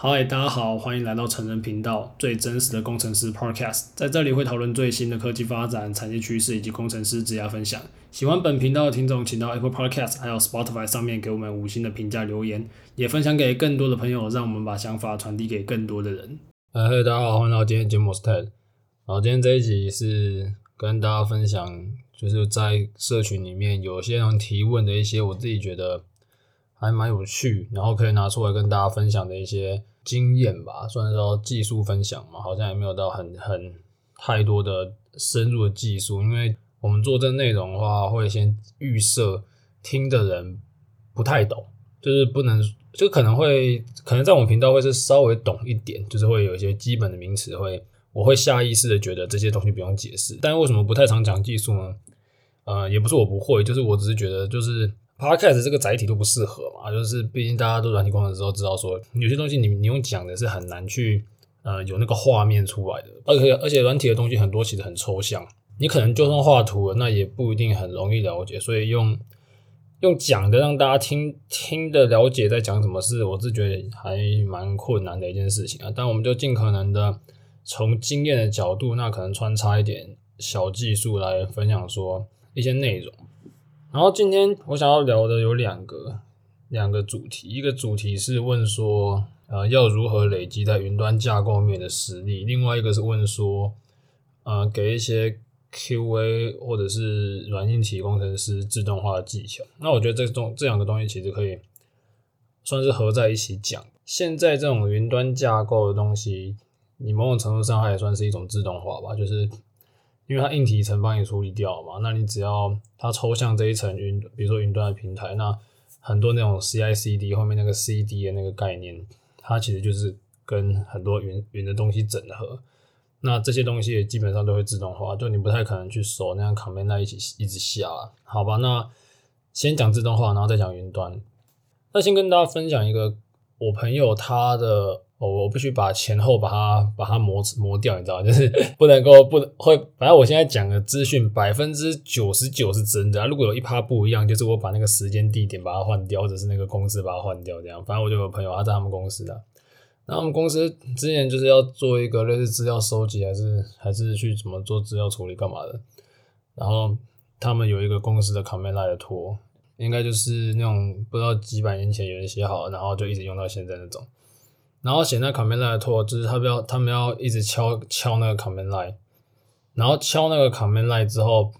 嗨，Hi, 大家好，歡迎來到成人頻道最真實的工程師 Podcast，在這裡會討論最新的科技發展、產業趨勢以及工程師職涯分享。喜歡本頻道的聽眾，請到 Apple Podcast 還有 Spotify 上面給我們五星的評價、留言，也分享給更多的朋友，讓我們把想法傳遞給更多的人。嗨、hey, 大家好，歡迎到今天節目，我是 Ted，然後今天這一集是跟大家分享，就是在社群裡面有些人提問的一些我自己覺得。還蠻有趣，然後可以拿出來跟大家分享的一些經驗吧，嗯、算是說技術分享嘛。好像也沒有到很很太多的深入的技術，因為我們做這內容的話，會先預設聽的人不太懂，就是不能就可能會可能在我們頻道會是稍微懂一點，就是會有一些基本的名詞會，我會下意識的覺得這些東西不用解釋。但為什麼不太常講技術呢？呃，也不是我不會，就是我只是覺得就是。Podcast 這個載體都不適合嘛，就是畢竟大家都軟體工程師都知道說，說有些東西你你用講的是很難去呃有那個畫面出來的，而且而且軟體的東西很多其實很抽象，你可能就算畫圖了，那也不一定很容易了解，所以用用講的讓大家聽聽的了解在講什麼事，我是覺得還蠻困難的一件事情啊。但我們就盡可能的從經驗的角度，那可能穿插一點小技術來分享說一些內容。然後今天我想要聊的有兩個兩個主題，一個主題是問說，呃，要如何累積在雲端架構面的實力，另外一個是問說，呃，給一些 QA 或者是軟硬體工程師自動化的技巧。那我覺得這種這兩個東西其實可以算是合在一起講。現在這種雲端架構的東西，你某種程度上它也算是一種自動化吧，就是。因為它硬體層幫你處理掉嘛，那你只要它抽象這一層雲，比如說雲端的平台，那很多那種 C I C D 後面那個 C D 的那個概念，它其實就是跟很多雲雲的東西整合，那這些東西也基本上都會自動化，就你不太可能去手那樣 command line 一起一直下了，好吧？那先講自動化，然後再講雲端。那先跟大家分享一個我朋友他的。我、哦、我必須把前後把它把它磨磨掉，你知道，就是不能夠不能會，反正我現在講的資訊百分之九十九是真的、啊，如果有一趴不一樣，就是我把那個時間地點把它換掉，或者是那個公司把它換掉，這樣，反正我就有朋友他在他們公司的，那我們公司之前就是要做一個類似資料收集，還是還是去怎麼做資料處理幹嘛的，然後他們有一個公司的 command line 的 tool，應該就是那種不知道幾百年前有人寫好，然後就一直用到現在那種。然後寫那 command line 的拖，就是他不要，他們要一直敲敲那個 command line 然後敲那個 command line 之後，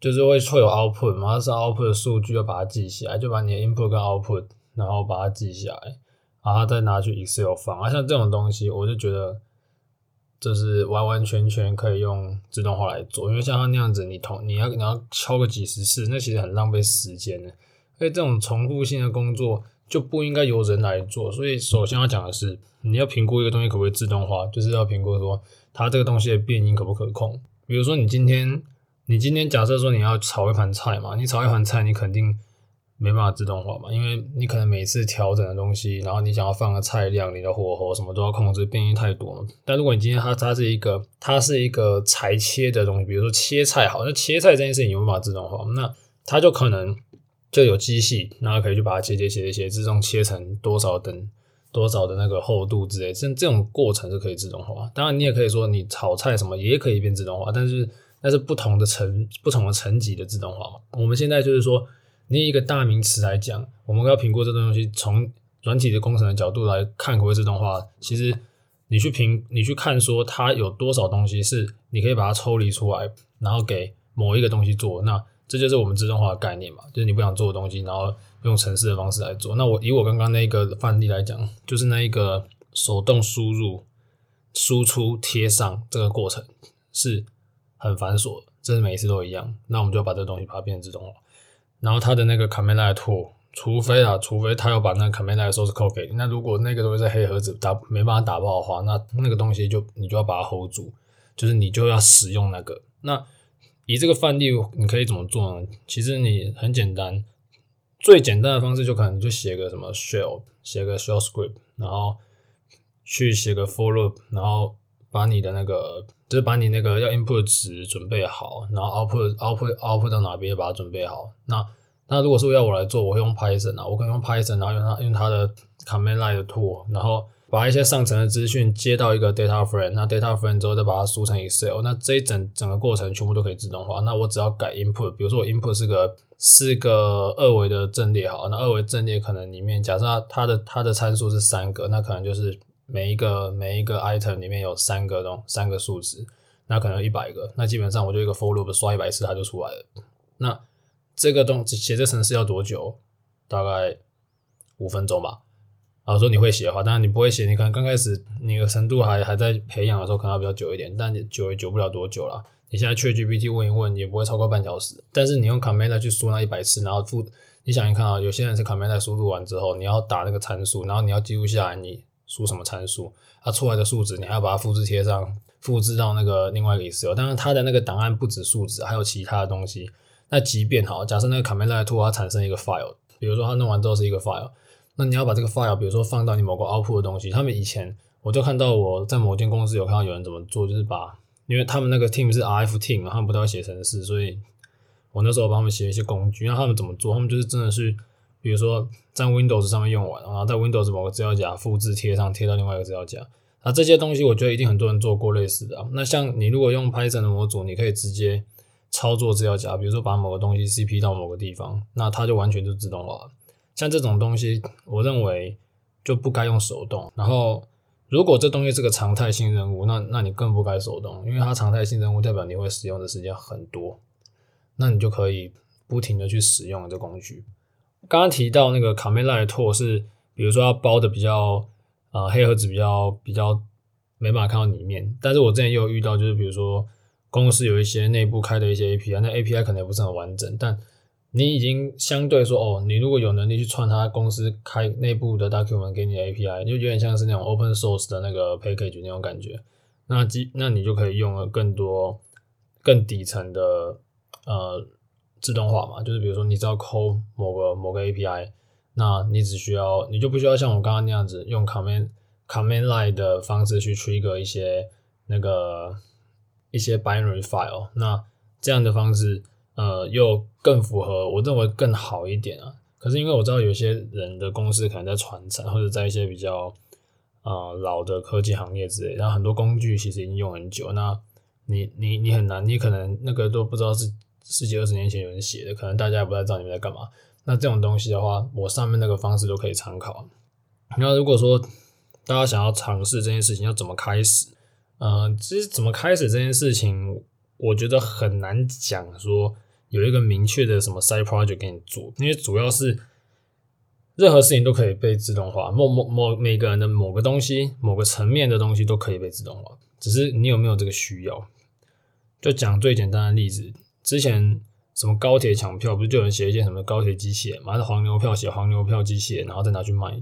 就是會會有 output 嘛，是 output 的數據要把它記下來，就把你的 input 跟 output，然後把它記下來，然後再拿去 Excel 放。啊、像這種東西，我就覺得，就是完完全全可以用自動化來做，因為像他那樣子你，你同你要你要敲個幾十次，那其實很浪費時間的。因為這種重複性的工作。就不應該由人來做，所以首先要講的是，你要評估一個東西可不可以自動化，就是要評估說它這個東西的變因可不可控。比如說你，你今天你今天假設說你要炒一盤菜嘛，你炒一盤菜，你肯定沒辦法自動化嘛，因為你可能每次調整的東西，然後你想要放的菜量、你的火候什麼都要控制，變因太多了。但如果你今天它它是一個它是一個裁切的東西，比如說切菜好，那切菜這件事情你無法自動化，那它就可能。就有機器，然後可以去把它切切切切切，自動切成多少等多少的那個厚度之類的，這這種過程是可以自動化。當然，你也可以說你炒菜什麼也可以變自動化，但是那是不同的層、不同的層級的自動化。我們現在就是說，你一個大名詞來講，我們要評估這東西，從軟體的工程的角度來看，可不可以自動化。其實你去評，你去看說它有多少東西是你可以把它抽離出來，然後給某一個東西做那。這就是我們自動化的概念嘛，就是你不想做的東西，然後用程式的方式來做。那我以我剛剛那個範例來講，就是那一個手動輸入、輸出、貼上這個過程是很繁瑣的，這是每一次都一樣。那我們就把這個東西把它變成自動化。然後他的那個 command line tool，除非啊，除非他要把那個 command line source code 給你。那如果那個東西是黑盒子打沒辦法打爆的話，那那個東西就你就要把它 hold 住，就是你就要使用那個那。以這個範例，你可以怎麼做呢？其實你很簡單，最簡單的方式就可能就寫個什麼 shell，寫個 shell script，然後去寫個 for loop，然後把你的那個就是把你那個要 input 值準備好，然後 output output output 到哪邊把它準備好。那那如果說要我來做，我會用 Python 啊，我可以用 Python，然後用它用它的 command line tool，然後。把一些上層的資訊接到一個 data frame，那 data frame 之後再把它輸成 Excel，那這一整整個過程全部都可以自動化。那我只要改 input，比如說我 input 是個四個二維的陣列，好，那二維陣列可能裡面假設它，它的它的參數是三個，那可能就是每一個每一個 item 裡面有三個東三個數值，那可能有一百個，那基本上我就一個 for loop 刷一百次它就出來了。那這個東西寫這程式要多久？大概五分鐘吧。然後說你會寫的話，當然你不會寫。你可能剛開始那個程度還還在培養的時候，可能要比較久一點，但久也久不了多久了。你現在去 GPT 問一問，也不會超過半小時。但是你用卡梅拉去輸那一百次，然後複，你想一看啊，有些人是卡梅拉輸入完之後，你要打那個參數，然後你要記錄下來，你輸什麼參數，它、啊、出來的數值，你還要把它複製貼上，複製到那個另外一個石油、哦。當然，它的那個檔案不止數值，還有其他的東西。那即便好，假設那個卡梅拉突它產生一個 file，比如說它弄完之後是一個 file。那你要把這個 file，比如說放到你某個 output 的東西，他們以前我就看到我在某間公司有看到有人怎麼做，就是把，因為他們那個 team 是 R F team，他們不太會寫程式，所以我那時候幫他們寫一些工具。那他們怎麼做？他們就是真的是，比如說在 Windows 上面用完，然後在 Windows 某個資料夾複製貼上，貼到另外一個資料夾。啊，這些東西我覺得一定很多人做過類似的啊。那像你如果用 Python 的模組，你可以直接操作資料夾，比如說把某個東西 C P 到某個地方，那它就完全就自動化了。像這種東西，我認為就不該用手動。然後，如果這東西是個常態性任務，那那你更不該手動，因為它常態性任務代表你會使用的時間很多，那你就可以不停的去使用這工具。剛剛提到那個卡梅拉的 tool 是，比如說它包的比較啊、呃、黑盒子比較比較沒辦法看到裡面，但是我之前又遇到就是比如說公司有一些內部開的一些 API，那 API 可能也不是很完整，但你已經相對說哦，你如果有能力去串他公司開內部的 document 給你 API，就有點像是那種 open source 的那個 package 那種感覺。那即那你就可以用了更多更底層的呃自動化嘛，就是比如說你只要摳某個某個 API，那你只需要你就不需要像我剛剛那樣子用 command command line 的方式去 trigger 一些那個一些 binary file，那這樣的方式。呃，又更符合我認為更好一點啊。可是因為我知道有些人的公司可能在傳產，或者在一些比較啊、呃、老的科技行業之類，然後很多工具其實已經用很久，那你你你很難，你可能那個都不知道是十幾二十年前有人寫的，可能大家也不太知道你們在幹嘛。那這種東西的話，我上面那個方式都可以參考。那如果說大家想要嘗試這件事情，要怎麼開始？呃，其實怎麼開始這件事情，我覺得很難講說。有一個明確的什麼 side project 給你做，因為主要是任何事情都可以被自動化，某某某每個人的某個東西、某個層面的東西都可以被自動化，只是你有沒有這個需要。就講最簡單的例子，之前什麼高鐵搶票不是就有人寫一件什麼高鐵機器人，買黃牛票寫黃牛票機器人，然後再拿去賣。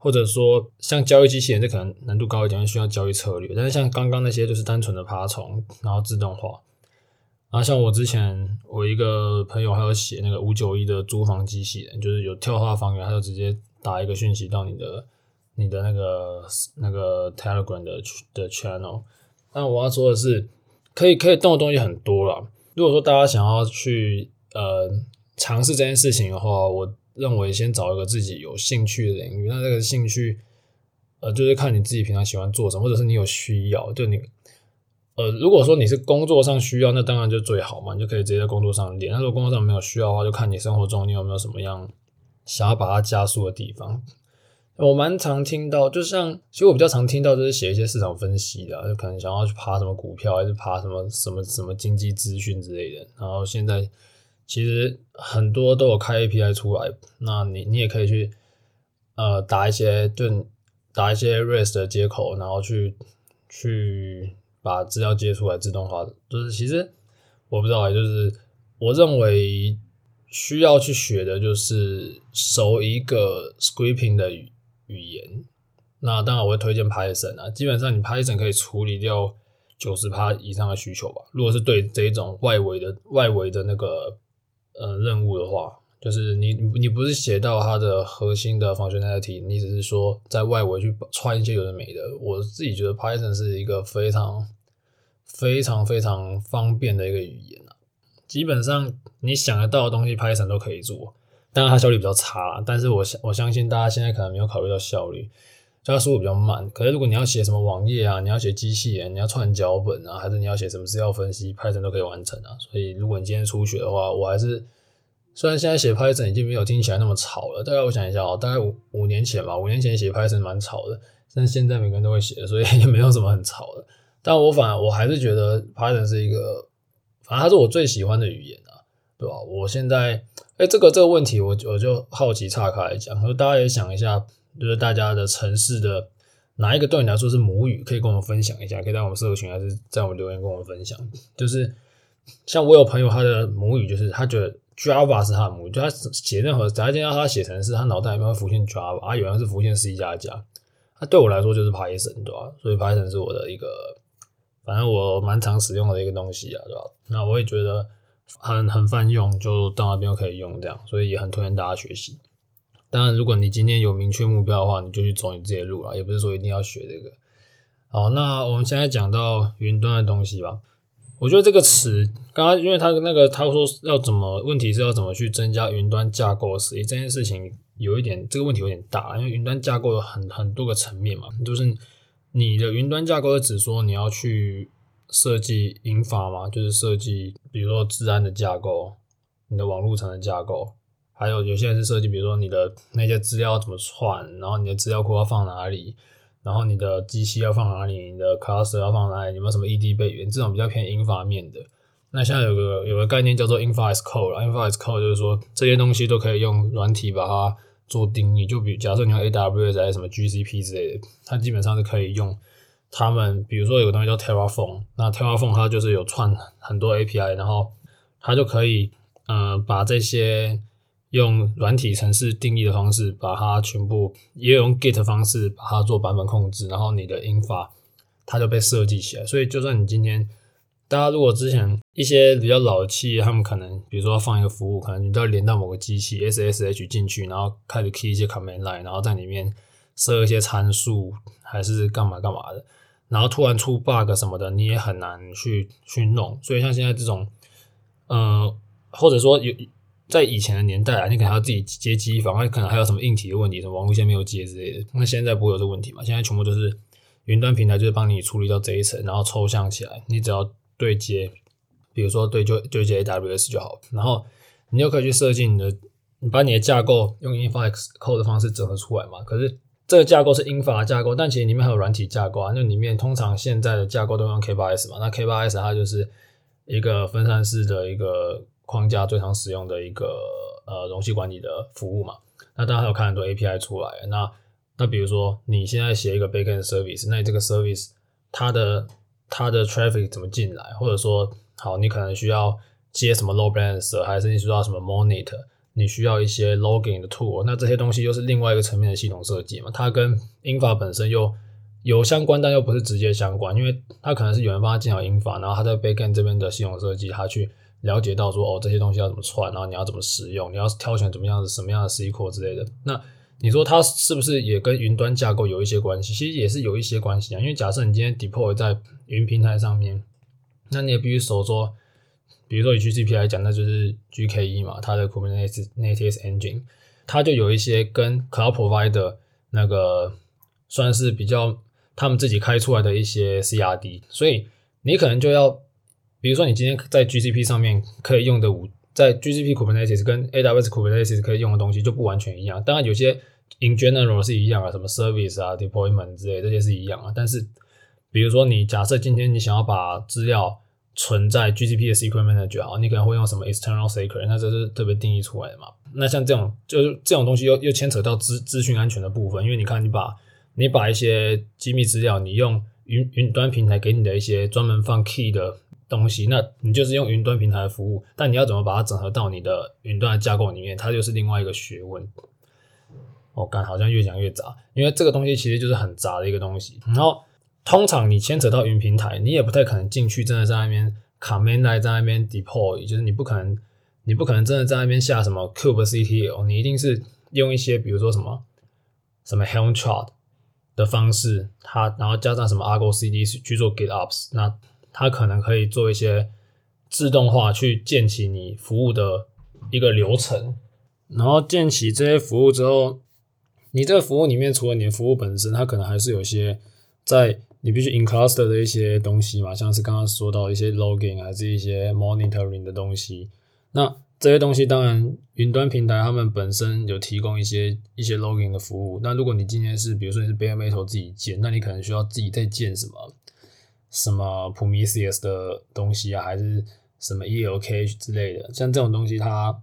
或者說像交易機器人，這可能難度高一點，需要交易策略。但是像剛剛那些就是單純的爬蟲，然後自動化。啊，像我之前，我一個朋友還有寫那個五九一的租房機器人，就是有跳化房源，他就直接打一個訊息到你的、你的那個那個 Telegram 的 ch, 的 channel。但我要說的是，可以可以動的東西很多了。如果說大家想要去呃嘗試這件事情的話，我認為先找一個自己有興趣的領域。那這個興趣，呃，就是看你自己平常喜歡做什麼，或者是你有需要，就你。呃，如果說你是工作上需要，那當然就最好嘛，你就可以直接在工作上練。那如果工作上沒有需要的話，就看你生活中你有沒有什麼樣想要把它加速的地方。我蠻常聽到，就像其實我比較常聽到就是寫一些市場分析的，就可能想要去爬什麼股票，還是爬什麼什麼什麼經濟資訊之類的。然後現在其實很多都有開 API 出來，那你你也可以去呃打一些對，打一些 REST 的接口，然後去去。把資料接出來，自動化的就是，其實我不知道啊，就是我認為需要去學的就是熟一個 scraping 的語語言。那當然我會推薦 Python 啊，基本上你 Python 可以處理掉九十趴以上的需求吧。如果是對這一種外圍的外圍的那個呃任務的話。就是你你不是寫到它的核心的 functionality 你只是說在外圍去穿一些有的沒的。我自己覺得 Python 是一個非常非常非常方便的一個語言啊，基本上你想得到的東西 Python 都可以做，當然它效率比較差，但是我相我相信大家現在可能沒有考慮到效率，它速度比較慢。可是如果你要寫什麼網頁啊，你要寫機器人，你要串腳本啊，還是你要寫什麼資料分析，Python 都可以完成啊。所以如果你今天初學的話，我還是。雖然現在寫 Python 已經沒有聽起來那麼吵了，大概我想一下哦，大概五五年前吧，五年前寫 Python 蠻吵的，但現在每個人都會寫，所以也沒有什麼很吵的。但我反而我還是覺得 Python 是一個，反正它是我最喜歡的語言啊，對吧、啊？我現在，哎、欸，這個這個問題，我我就好奇，岔開來講，大家也想一下，就是大家的城市的哪一個對你來說是母語？可以跟我們分享一下，可以在我們社群還是在我們留言跟我們分享。就是像我有朋友，他的母語就是他覺得。Java 是他的母語，就他寫任何，只要他寫程式，他腦袋裡面會浮現 Java，啊，原來是浮現 C 加加，他對我來說就是 Python 對吧？所以 Python 是我的一個，反正我蠻常使用的一個東西啊，對吧？那我也覺得很很泛用，就到那邊就可以用這樣，所以也很推薦大家學習。當然，如果你今天有明確目標的話，你就去走你自己的路啦，也不是說一定要學這個。好，那好我們現在講到雲端的東西吧。我覺得這個詞，剛剛因為他那個他說要怎麼，問題是要怎麼去增加雲端架構實力這件事情，有一點這個問題有點大，因為雲端架構有很很多個層面嘛，就是你的雲端架構是指說你要去設計引法嘛，就是設計比如說資安的架構，你的網路層的架構，還有有些人是設計，比如說你的那些資料怎麼串，然後你的資料庫要放哪裡。然後你的機器要放哪裡？你的 cluster 要放哪裡？有沒有什麼異地備援？這種比較偏 infra 面的。那現在有個有個概念叫做 Infra as code 啦，Infra as code 就是說這些東西都可以用軟體把它做定義。就比假設你用 AWS 還是什麼 GCP 之類的，它基本上是可以用它。他們比如說有個東西叫 Terraform，那 Terraform 它就是有串很多 API，然後它就可以呃把這些。用軟體程式定義的方式，把它全部也用 Git 方式把它做版本控制，然後你的 infra 它就被設計起來。所以，就算你今天大家如果之前一些比較老企業，他們可能比如說要放一個服務，可能你都要連到某個機器 SSH 進去，然後開始 key 一些 command line，然後在裡面設一些參數，還是幹嘛幹嘛的。然後突然出 bug 什麼的，你也很難去去弄。所以，像現在這種，呃，或者說有。在以前的年代啊，你可能要自己接機房，還可能還有什麼硬體的問題，什麼網路線沒有接之類的。那現在不會有這問題嘛？現在全部都是雲端平台，就是幫你處理到這一層，然後抽象起來，你只要對接，比如說對就對接 AWS 就好了。然後你又可以去設計你的，你把你的架構用 infra as code 的方式整合出來嘛。可是這個架構是 infra 架構，但其實裡面還有軟體架構啊。那裡面通常現在的架構都用 K8s 嘛？那 K8s 它就是一個分散式的一個。框架最常使用的一個呃，容器管理的服務嘛，那大家還有看很多 API 出來。那那比如說你現在寫一個 Backend Service，那你這個 Service 它的它的 Traffic 怎麼進來？或者說，好，你可能需要接什麼 Load Balancer，還是你需要什麼 Monitor，你需要一些 Logging 的 Tool。那這些東西又是另外一個層面的系統設計嘛。它跟 Infra 本身又有相關，但又不是直接相關，因為它可能是有人幫他建好 Infra，然後他在 Backend 這邊的系統設計，他去。了解到說哦這些東西要怎麼串，啊，然後你要怎麼使用，你要挑選怎麼樣的什麼樣的 C 庫之類的。那你說它是不是也跟雲端架構有一些關係？其實也是有一些關係啊。因為假設你今天 deploy 在雲平台上面，那你也比如說，比如說以 GCP 來講，那就是 GKE 嘛，它的 Kubernetes Engine，它就有一些跟 Cloud Provider 那個算是比較他們自己開出來的一些 CRD，所以你可能就要。比如說，你今天在 GCP 上面可以用的五，在 GCP Kubernetes 跟 AWS Kubernetes 可以用的東西就不完全一樣。當然，有些 in general 是一樣啊，什麼 service 啊、deployment 之類這些是一樣啊。但是，比如說，你假設今天你想要把資料存在 GCP 的 secret manager 啊，你可能會用什麼 external secret，那這是特別定義出來的嘛？那像這種，就是這種東西又又牽扯到資資訊安全的部分，因為你看，你把你把一些機密資料，你用雲雲端平台給你的一些專門放 key 的。東西，那你就是用雲端平台的服務，但你要怎麼把它整合到你的雲端的架構裡面，它就是另外一個學問。我、哦、感好像越講越雜，因為這個東西其實就是很雜的一個東西。然後通常你牽扯到雲平台，你也不太可能進去，真的在那邊 command line 在那邊 deploy，就是你不可能，你不可能真的在那邊下什麼 kubectl，你一定是用一些比如說什麼什麼 helm chart 的方式，它然後加上什麼 argo cd 去做 gitops 那。它可能可以做一些自動化去建起你服務的一個流程，然後建起這些服務之後，你這個服務裡面除了你的服務本身，它可能還是有一些在你必須 in cluster 的一些東西嘛，像是剛剛說到一些 logging 還是一些 monitoring 的東西。那這些東西當然雲端平台他們本身有提供一些一些 logging 的服務。那如果你今天是比如說你是 bare metal 自己建，那你可能需要自己再建什麼？什麼 Prometheus 的東西啊，還是什麼 ELK 之類的，像這種東西它，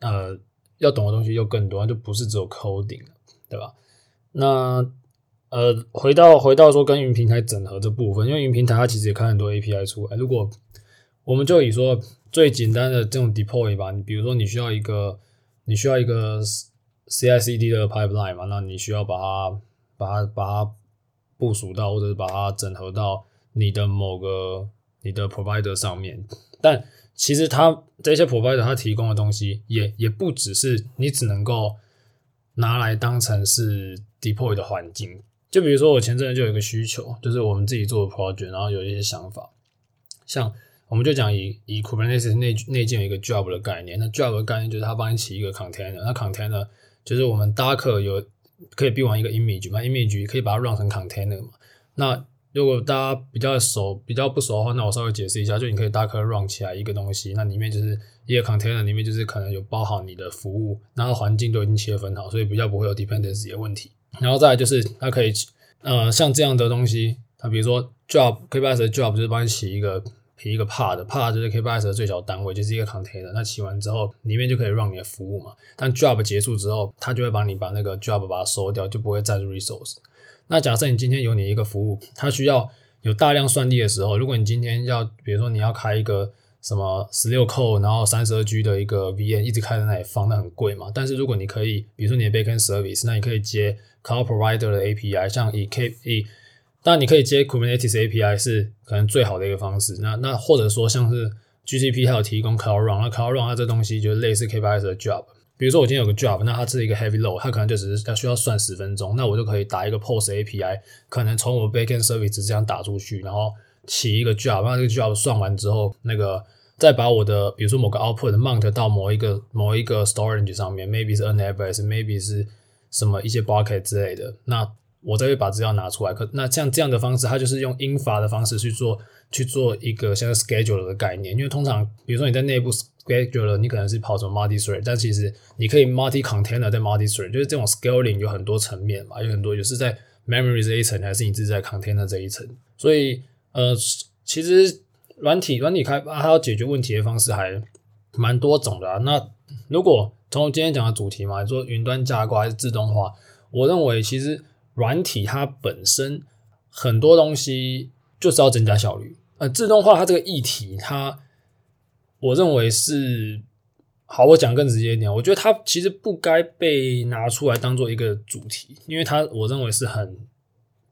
它呃要懂的東西又更多，它就不是只有 coding 了，對吧？那呃回到回到說跟雲平台整合這部分，因為雲平台它其實也開很多 API 出來，欸。如果我們就以說最簡單的這種 deploy 吧，你比如說你需要一個你需要一個 CI/CD 的 pipeline 嘛，那你需要把它把它把它部署到，或者是把它整合到。你的某個你的 provider 上面，但其實它這些 provider 它提供的東西也也不只是你只能夠拿來當成是 deploy 的環境。就比如說我前陣子就有一個需求，就是我們自己做的 project，然後有一些想法，像我們就講以以 Kubernetes 內內建一個 job 的概念，那 job 的概念就是他幫你起一個 container，那 container 就是我們 docker 有可以編完一個 image 嘛，image 可以把它 run 成 container 嘛，那。如果大家比較熟、比較不熟的話，那我稍微解釋一下，就你可以大概 run 起來一個東西，那裡面就是一個 container，裡面就是可能有包好你的服務，然後環境都已經切分好，所以比較不會有 dependency 的問題。然後再來就是它可以，呃，像這樣的東西，它比如說 job Kubernetes job 就是幫你起一個起一個 pod，pod 就是 Kubernetes 最小單位，就是一個 container，那起完之後裡面就可以 run 你的服務嘛。但 job 結束之後，它就會幫你把那個 job 把它收掉，就不會再是 resource。那假設你今天有你一個服務，它需要有大量算力的時候，如果你今天要，比如說你要開一個什麼十六核，然後三十二 G 的一個 VM，一直開在那裡放，那很貴嘛。但是如果你可以，比如說你 Backend Service，那你可以接 Cloud Provider 的 API，像以 K 以，當然你可以接 Kubernetes API 是可能最好的一個方式。那那或者說像是 GCP 還有提供 Cloud Run，那 Cloud Run 它這東西就是類似 Kubernetes 的 Job。比如說，我今天有個 job，那它是一個 heavy load，它可能就只是它需要算十分鐘，那我就可以打一個 post API，可能從我 backend service 這樣打出去，然後起一個 job，那這個 job 算完之後，那個再把我的比如說某個 output mount 到某一個某一個 storage 上面，maybe 是 NFS，maybe 是什麼一些 bucket 之類的，那我再會把資料拿出來。可那像這樣的方式，它就是用 infra 的方式去做去做一個像 schedule 的概念，因為通常比如說你在內部。gradual，你可能是跑什麼 multi thread 但其實你可以 multi container 在 multi thread 就是這種 scaling 有很多層面嘛，有很多也、就是在 memory 這一層，還是你自己在 container 這一層。所以呃，其實軟體軟體開發它要解決問題的方式還蠻多種的啊。那如果從今天講的主題嘛，做雲端架構還是自動化，我認為其實軟體它本身很多東西就是要增加效率。呃，自動化它這個議題它。我認為是好，我講更直接一點。我覺得它其實不該被拿出來當做一個主題，因為它我認為是很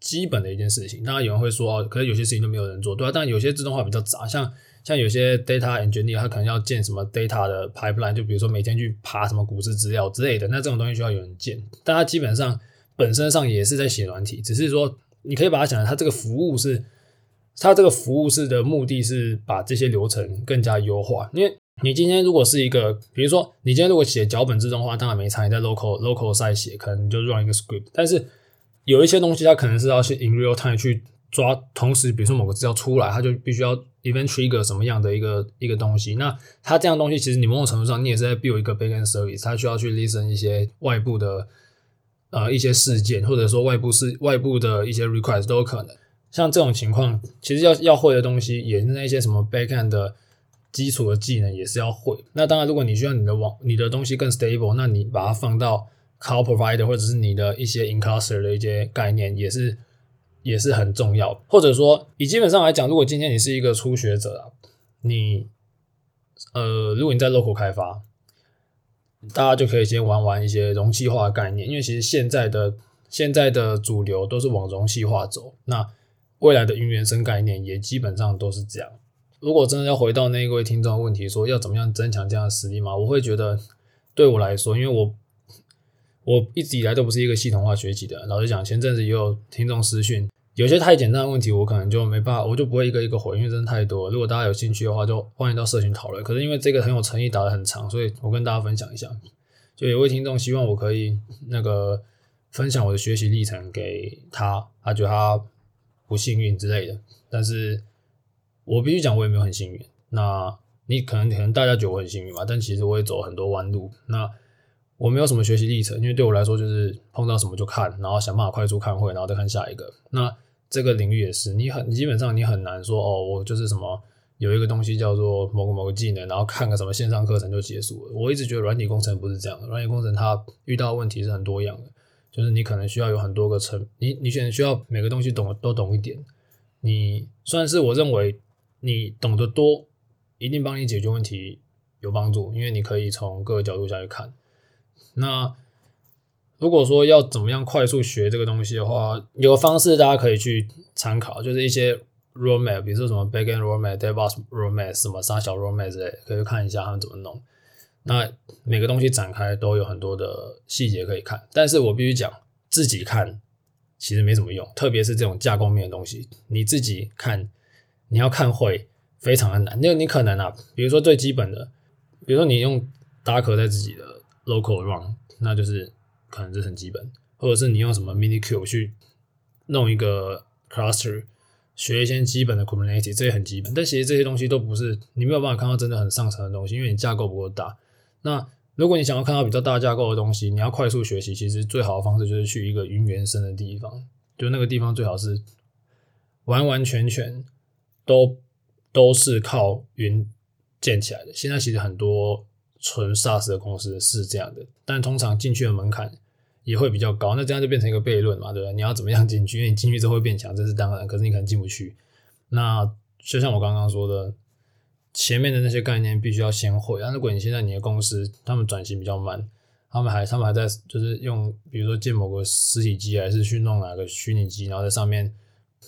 基本的一件事情。當然有人會說哦，可能有些事情都沒有人做，對啊。但有些自動化比較雜,像像有些 data engineer，他可能要建什麼 data 的 pipeline，就比如說每天去爬什麼股市資料之類的。那這種東西需要有人建，但他基本上本身上也是在寫軟體，只是說你可以把它想成他這個服務是。它這個服務式的目的是把這些流程更加優化。因為你今天如果是一個，比如說你今天如果寫腳本自動化，當然沒差，你在 local, local side 寫，可能你就 run 一個 script。但是有一些東西，它可能是要去 in real time 去抓，同時比如說某個字要出來，它就必須要 event trigger 什麼樣的一個一個東西。那它這樣東西，其實你某種程度上你也是在 build 一個 backend service，它需要去 listen 一些外部的呃一些事件，或者說外部是外部的一些 request 都有可能。像這種情況，其實要要會的東西也是那些什麼 backend 的基礎的技能，也是要會。那當然，如果你需要你的網、你的東西更 stable，那你把它放到 cloud provider 或者是你的一些 in-cluster 的一些概念，也是也是很重要的。或者說，你基本上來講，如果今天你是一個初學者啊，你呃，如果你在 local 開發，大家就可以先玩玩一些容器化概念，因為其實現在的現在的主流都是往容器化走。那未來的雲原生概念也基本上都是這樣。如果真的要回到那一位聽眾的問題，說要怎麼樣增強這樣的實力嘛，我會覺得對我來說，因為我我一直以來都不是一個系統化學習的。老實講，前陣子也有聽眾私訊，有些太簡單的問題，我可能就沒辦法，我就不會一個一個回，因為真的太多。如果大家有興趣的話，就歡迎到社群討論。可是因為這個很有誠意，打得很長，所以我跟大家分享一下。就有位聽眾希望我可以那個分享我的學習歷程給他，他覺得他。不幸運之類的，但是我必須講，我也沒有很幸運。那你可能可能大家覺得我很幸運嘛，但其實我也走很多彎路。那我沒有什麼學習歷程，因為對我來說就是碰到什麼就看，然後想辦法快速看會，然後再看下一個。那這個領域也是，你很你基本上你很難說哦，我就是什麼有一個東西叫做某個某個技能，然後看個什麼線上課程就結束了。我一直覺得軟體工程不是這樣的，軟體工程它遇到的問題是很多樣的。就是你可能需要有很多個層，你你選需要每個東西懂都懂一點。你算是我認為你懂得多，一定幫你解決問題有幫助，因為你可以從各個角度下去看。那如果說要怎麼樣快速學這個東西的話，有個方式大家可以去參考，就是一些 roadmap，比如說什麼 backend roadmap，devops roadmap，什麼三小 roadmap 之類，可以看一下他們怎麼弄。那每個東西展開都有很多的細節可以看，但是我必須講，自己看其實沒什麼用，特別是這種架構面的東西，你自己看，你要看會非常的難。因為你可能啊，比如說最基本的，比如說你用 docker 在自己的 local run，那就是可能這是很基本，或者是你用什麼 minikube 去弄一個 cluster，學一些基本的 kubernetes，這也很基本。但其實這些東西都不是，你沒有辦法看到真的很上層的東西，因為你架構不夠大。那如果你想要看到比較大架構的東西，你要快速學習，其實最好的方式就是去一個雲原生的地方，就那個地方最好是完完全全都都是靠雲建起來的。現在其實很多純 SaaS 的公司是這樣的，但通常進去的門檻也會比較高。那這樣就變成一個悖論嘛，對吧？你要怎麼樣進去？因為你進去之後會變強，這是當然。可是你可能進不去。那就像我剛剛說的。前面的那些概念必須要先會。但是、啊、如果你現在你的公司他們轉型比較慢，他們還他們還在就是用，比如說建某個實體機，還是去弄哪個虛擬機，然後在上面，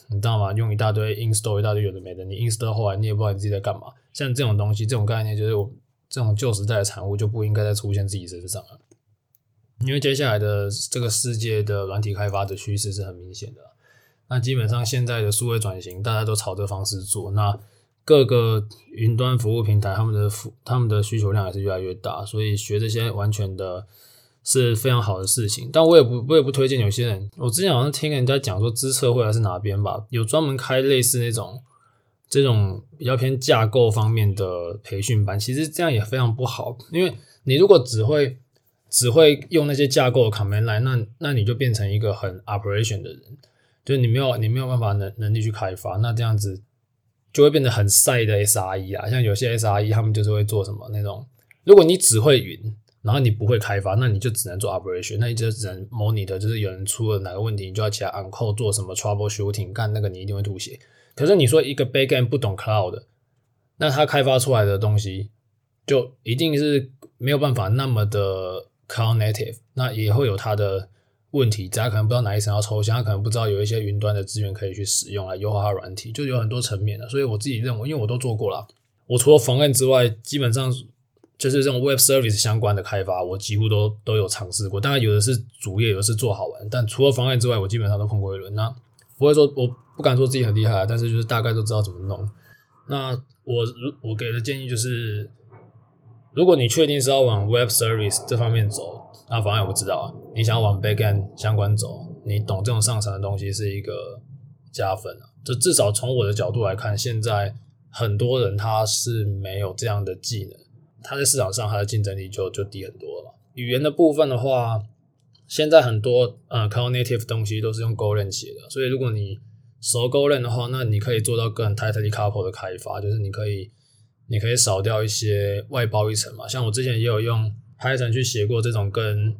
你知道嗎？用一大堆 install、一大堆有的沒的，你 install 後來你也不知道你自己在幹嘛。像這種東西，這種概念就是我這種舊時代的產物，就不應該再出現自己身上了。因為接下來的這個世界的軟體開發的趨勢是很明顯的。那基本上現在的數位轉型，大家都朝這個方式做。那各個雲端服務平台，他們的服他們的需求量也是越來越大，所以學這些完全的是非常好的事情。但我也不我也不推薦有些人，我之前好像聽人家講說，資策會或者是哪邊吧，有專門開類似那種這種比較偏架構方面的培訓班，其實這樣也非常不好，因為你如果只會只會用那些架構的 command line，那那你就變成一個很 Operation 的人，就是你沒有你沒有辦法能能力去開發，那這樣子。就會變得很晒的 SRE 啊，像有些 SRE 他們就是會做什麼那種。如果你只會雲，然後你不會開發，那你就只能做 operation，那你就只能 monitor。就是有人出了哪個問題，你就要起來 on call 做什麼 troubleshooting，幹那個你一定會吐血。可是你說一個 backend 不懂 cloud，那他開發出來的東西就一定是沒有辦法那麼的 cloud native，那也會有它的。問題，大家可能不知道哪一層要抽象，他可能不知道有一些雲端的資源可以去使用來優化它軟體，就有很多層面的。所以我自己認為，因為我都做過了，我除了方案之外，基本上就是這種 web service 相關的開發，我幾乎都都有嘗試過。當然，有的是主業，有的是做好玩，但除了方案之外，我基本上都碰過一輪。那不會說我不敢說自己很厲害，但是就是大概都知道怎麼弄。那我我給的建議就是。如果你確定是要往 web service 這方面走，那反而我不知道。啊，你想往 backend 相關走，你懂這種上層的東西是一個加分啊。這至少從我的角度來看，現在很多人他是沒有這樣的技能，他在市場上他的競爭力就就低很多了。語言的部分的話，現在很多呃，Cloud Native 東西都是用 Golang 寫的，所以如果你熟 Golang 的話，那你可以做到更 tightly coupled 的開發，就是你可以。你可以少掉一些外包一層嘛，像我之前也有用 Python 去寫過這種跟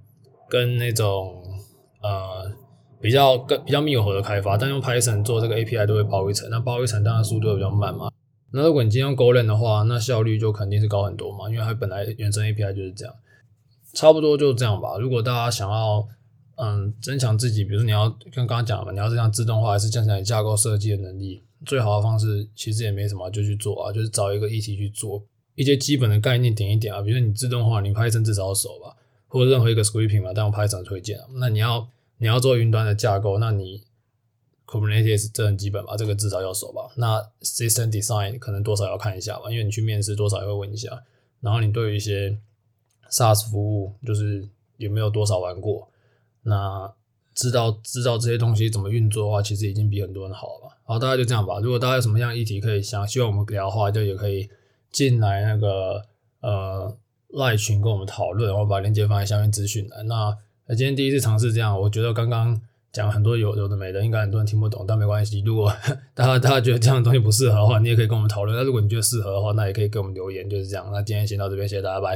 跟那種呃比較跟比較密耦合的開發，但用 Python 做這個 API 都會包一層，那包一層當然速度也比較慢嘛。那如果你今天用 Golang 的話，那效率就肯定是高很多嘛，因為它本來原生 API 就是這樣，差不多就這樣吧。如果大家想要嗯增強自己，比如說你要跟剛剛講的，你要增強自動化，還是加強你架構設計的能力，最好的方式其實也沒什麼，就去做啊，就是找一個議題去做一些基本的概念點一點啊，比如說你自動化，你 Python 至少要熟吧，或者任何一個 scraping 吧，但我 Python 推薦。那你要你要做雲端的架構，那你 Kubernetes 這很基本吧，這個至少要熟吧。那 system design 可能多少要看一下吧，因為你去面試多少也會問一下。然後你對於一些 SaaS 服務，就是有沒有多少玩過？那知道知道這些東西怎麼運作的話，其實已經比很多人好了。好，大家就這樣吧。如果大家有什麼樣的議題可以想，希望我們聊的話，就也可以進來那個呃 LINE 群跟我們討論，然後把鏈接放在下面資訊欄。那、呃、今天第一次嘗試這樣，我覺得剛剛講很多有有的沒的，應該很多人聽不懂，但沒關係。如果大家大家覺得這樣的東西不適合的話，你也可以跟我們討論。那如果你覺得適合的話，那也可以跟我們留言，就是這樣。那今天先到這邊，謝謝大家，拜。